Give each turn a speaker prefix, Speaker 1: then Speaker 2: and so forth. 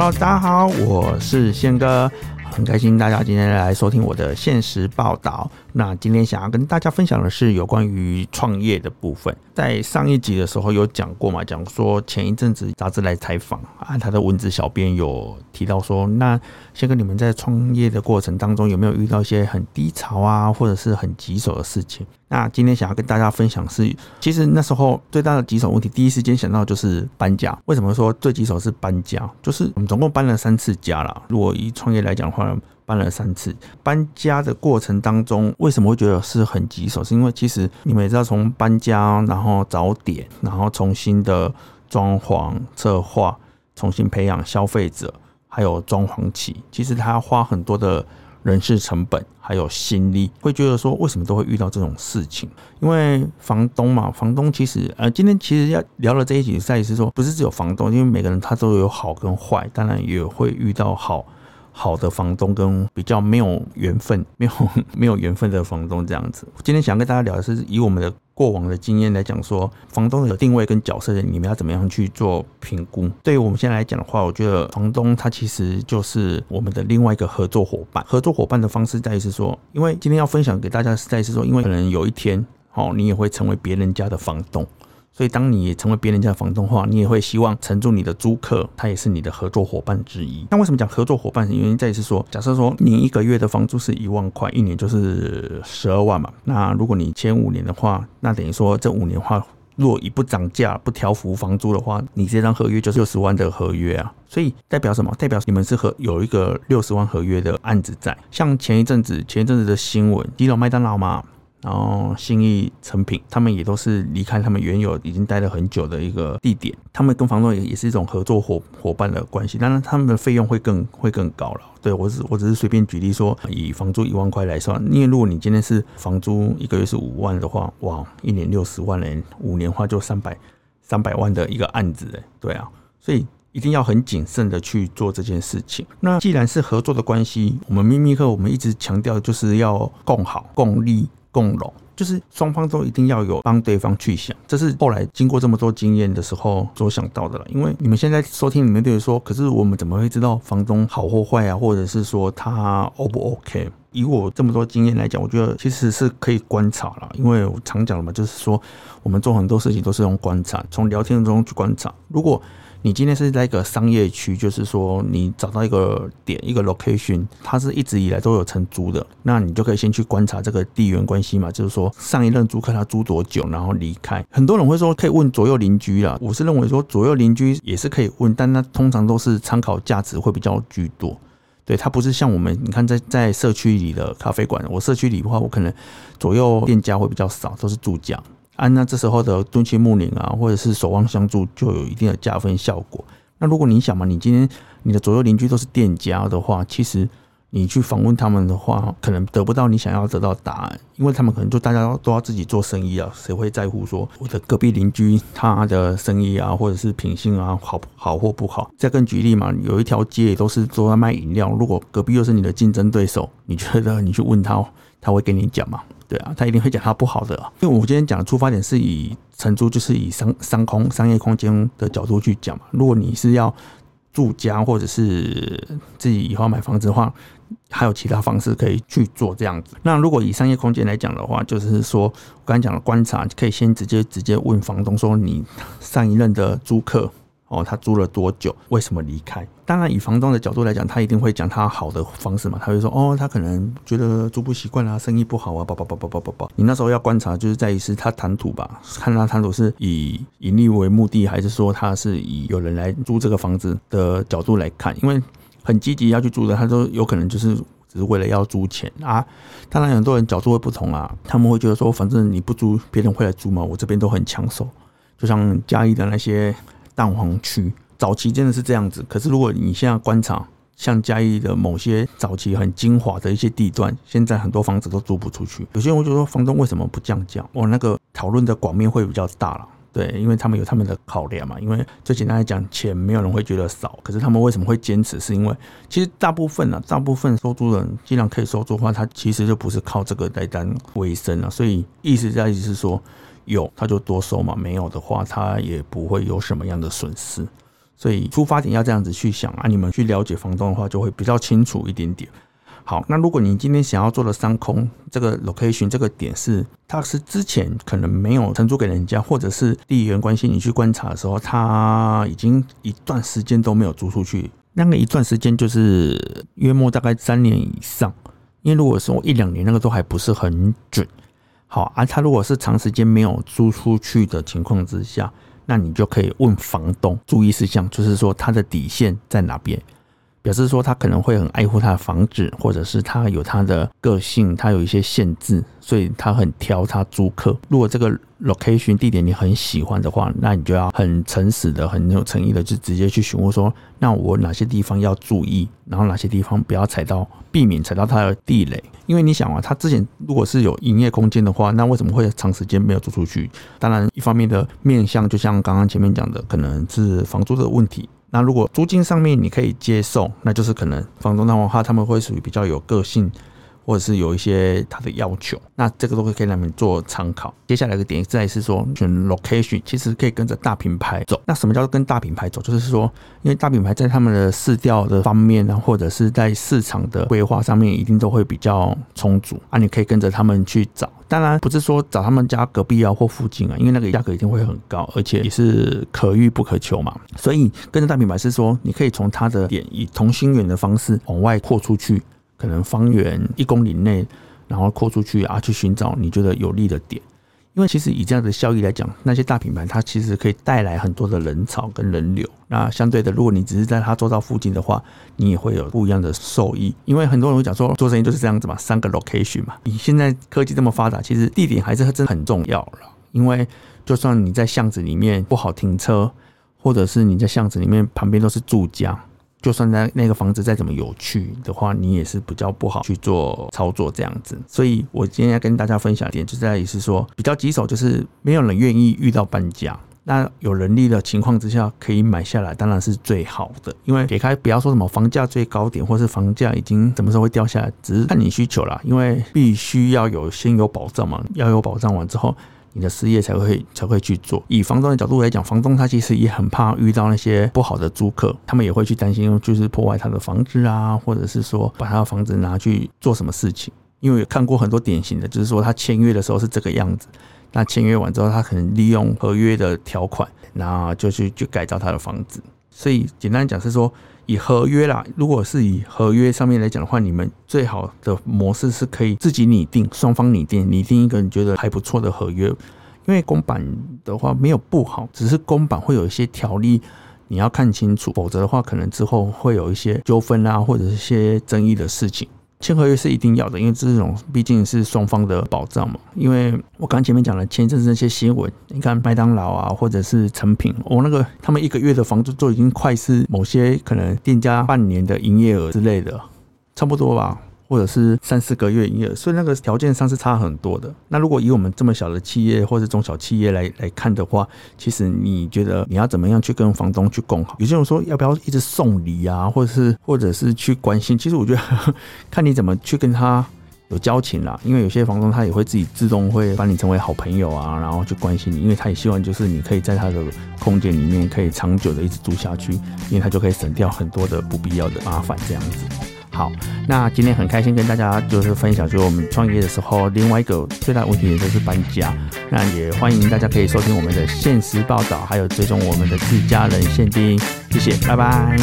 Speaker 1: Hello，大家好，我是憲哥，很開心大家今天來收聽我的憲時報導。那今天想要跟大家分享的是有關於創業的部分。在上一集的時候有講過嘛，講說前一陣子雜誌來採訪啊，他的文字小編有提到說，那憲哥你們在創業的過程當中有沒有遇到一些很低潮啊，或者是很棘手的事情？那今天想要跟大家分享是，其實那時候最大的棘手問題，第一時間想到就是搬家。為什麼說最棘手是搬家？就是我們總共搬了三次家啦。如果以創業來講的話，搬了三次。搬家的過程當中，為什麼我會覺得是很棘手？是因為其實你們也知道，從搬家，然後找點然後重新的裝潢、策劃，重新培養消費者，還有裝潢期。其實它要花很多的。人事成本還有心力，會覺得說為什麼都會遇到這種事情？因為房東嘛，房東其實呃，今天其實要聊了這一集，其實是說，不是只有房東，因為每個人他都有好跟壞，當然也會遇到好好的房東跟比較沒有緣分、沒有沒有緣分的房東這樣子。今天想要跟大家聊的是以我們的。過往的經驗來講，說房東的定位跟角色，你們要怎麼樣去做評估？對於我們現在來講的話，我覺得房東他其實就是我們的另外一個合作夥伴。合作夥伴的方式在於是說，因為今天要分享給大家是在是說，因為可能有一天，哦，你也會成為別人家的房東。所以，當你成為別人家的房東的話，你也會希望承住你的租客，他也是你的合作夥伴之一。那為什麼講合作夥伴？原因為在於是說，假設說你一個月的房租是一萬塊，一年就是十二萬嘛。那如果你簽五年的話，那等於說這五年的話，若一不漲價不調幅房租的話，你這張合約就是六十萬的合約啊。所以代表什麼？代表你們是有一個六十萬合約的案子在。像前一陣子前一陣子的新聞，底樓麥當勞嘛。然後信義誠品，他們也都是離開他們原有已經待了很久的一個地點，他們跟房東也也是一種合作夥夥伴的關係。當然，他們的費用會更會更高了。對，我只我只是隨便舉例說，以房租一萬塊來算，因為如果你今天是房租一個月是五萬的話，哇，一年六十萬，人，五年話就三百三百萬的一個案子，對啊，所以一定要很謹慎的去做這件事情。那既然是合作的關係，我們秘密客我們一直強調就是要共好共利。共榮就是雙方都一定要有幫對方去想，這是後來經過這麼多經驗的時候所想到的了。因為你們現在收聽裡面，對於說，可是我們怎麼會知道房東好或壞啊，或者是說他 O 不 OK？以我這麼多經驗來講，我覺得其實是可以觀察了。因為我常講的嘛，就是說我們做很多事情都是用觀察，從聊天中去觀察。如果你今天是在一個商業區，就是說你找到一個點一個 location，它是一直以來都有承租的，那你就可以先去觀察這個地緣關係嘛，就是說上一任租客他租多久，然後離開。很多人會說可以問左右鄰居啦，我是認為說左右鄰居也是可以問，但那通常都是參考價值會比較居多。對，它不是像我們你看在在社區裡的咖啡館，我社區裡的話，我可能左右店家會比較少，都是住家。按那這時候的敦親睦鄰啊，或者是守望相助，就有一定的加分效果。那如果你想嘛，你今天你的左右鄰居都是店家的話，其實你去訪問他們的話，可能得不到你想要得到答案，因為他們可能就大家都要自己做生意啊，誰會在乎說我的隔壁鄰居他的生意啊，或者是品性啊，好好或不好？再更舉例嘛，有一條街也都是都在賣飲料，如果隔壁又是你的競爭對手，你覺得你去問他，他會跟你講嗎？對啊，他一定會講他不好的，因為我今天講的出發點是以承租，就是以商商空商業空間的角度去講嘛。如果你是要住家或者是自己以後買房子的話，還有其他方式可以去做這樣子。那如果以商業空間來講的話，就是說我剛才講的觀察，可以先直接直接問房東說，你上一任的租客。哦，他租了多久？為什麼離開？當然，以房東的角度來講，他一定會講他好的方式嘛。他會說，哦，他可能覺得租不習慣啊，生意不好啊，叭叭叭叭叭叭。你那時候要觀察，就是在於是他談吐吧，看他談吐是以盈利為目的，還是說他是以有人來租這個房子的角度來看。因為很積極要去租的，他都有可能就是只是為了要租錢啊。當然，很多人角度會不同啊，他們會覺得說，反正你不租，別人會來租嘛。我這邊都很搶手，就像嘉義的那些。蛋黃區早期真的是這樣子，可是如果你現在觀察，像嘉義的某些早期很精華的一些地段，現在很多房子都租不出去。有些人會覺得說，房東為什麼不降價？我、哦、那個討論的廣面會比較大了，對，因為他們有他們的考量嘛。因為最簡單來講，錢沒有人會覺得少，可是他們為什麼會堅持？是因為其實大部分啊，大部分收租的人既然可以收租的話，他其實就不是靠這個來單為生啊。所以意思在意思是說。有他就多收嘛，沒有的話他也不會有什麼樣的損失，所以出發點要這樣子去想啊。你們去了解房東的話，就會比較清楚一點點。好，那如果你今天想要做的三空這個 location 這個點是，它是之前可能沒有承租給人家，或者是地緣關係，你去觀察的時候，他已經一段時間都沒有租出去，那個一段時間就是約莫大概三年以上，因為如果說一兩年，那個都還不是很準。好啊，他如果是長時間沒有租出去的情況之下，那你就可以問房東注意事項，就是說他的底線在哪邊。也是說，他可能會很愛護他的房子，或者是他有他的個性，他有一些限制，所以他很挑他租客。如果這個 location 地點你很喜歡的話，那你就要很誠實的、很有誠意的，就直接去詢問說，那我哪些地方要注意，然後哪些地方不要踩到，避免踩到他的地雷。因為你想啊，他之前如果是有營業空間的話，那為什麼會長時間沒有租出去？當然，一方面的面向，就像剛剛前面講的，可能是房租的問題。那如果租金上面你可以接受，那就是可能房東的話，他們會屬於比較有個性。或者是有一些它的要求，那這個都會可以讓你做參考。接下來的點再是說選 location，其實可以跟着大品牌走。那什麼叫做跟大品牌走？就是說，因為大品牌在他們的市調的方面啊，或者是在市場的規劃上面，一定都會比較充足啊。你可以跟着他們去找，當然不是說找他們家隔壁啊或附近啊，因為那個價格一定會很高，而且也是可遇不可求嘛。所以跟着大品牌是說，你可以從它的點以同心圓的方式往外擴出去。可能方圓一公里內，然後擴出去啊，去尋找你覺得有利的點。因為其實以這樣的效益來講，那些大品牌它其實可以帶來很多的人潮跟人流。那相對的，如果你只是在它做到附近的話，你也會有不一樣的受益。因為很多人會講說，做生意就是這樣子嘛，三個 location 嘛。你現在科技這麼發達，其實地點還是真的很重要了。因為就算你在巷子裡面不好停車，或者是你在巷子裡面旁邊都是住家。就算在那個房子再怎麼有趣的話，你也是比較不好去做操作這樣子。所以我今天要跟大家分享一點，就在於是說比較棘手，就是沒有人願意遇到搬家。那有能力的情況之下，可以買下來當然是最好的。因為撇開不要說什麼房價最高點，或是房價已經什麼時候會掉下來，只是看你需求啦。因為必須要有先有保障嘛，要有保障完之後。你的事業才會才會去做。以房東的角度來講，房東他其實也很怕遇到那些不好的租客，他們也會去擔心，就是破壞他的房子啊，或者是說把他的房子拿去做什麼事情。因為看過很多典型的，就是說他簽約的時候是這個樣子，那簽約完之後，他可能利用合約的條款，然後就去去改造他的房子。所以簡單講是說，以合約啦，如果是以合約上面來講的話，你們最好的模式是可以自己擬定，雙方擬定，擬定一個你覺得還不錯的合約。因為公版的話沒有不好，只是公版會有一些條例，你要看清楚，否則的話可能之後會有一些糾紛啊，或者是一些爭議的事情。簽合約是一定要的，因為這種畢竟是雙方的保障嘛。因為我剛前面講了簽證那些新聞，你看麥當勞啊，或者是成品，我、哦、那個他們一個月的房租都已經快是某些可能店家半年的營業額之類的，差不多吧。或者是三四個月一個月，所以那個條件上是差很多的。那如果以我們這麼小的企業或者中小企業來來看的話，其實你覺得你要怎麼樣去跟房東去共好？有些人說要不要一直送禮啊，或者是或者是去關心？其實我覺得呵呵，看你怎麼去跟他有交情啦。因為有些房東他也會自己自動會把你成為好朋友啊，然後去關心你，因為他也希望就是你可以在他的空間裡面可以長久的一直住下去，因為他就可以省掉很多的不必要的麻煩這樣子。好，那今天很開心跟大家就是分享，就是我們創業的時候另外一個最大問題也就是搬家。那也歡迎大家可以收聽我們的憲時報導，還有追蹤我們的自家人限定。謝謝，拜拜。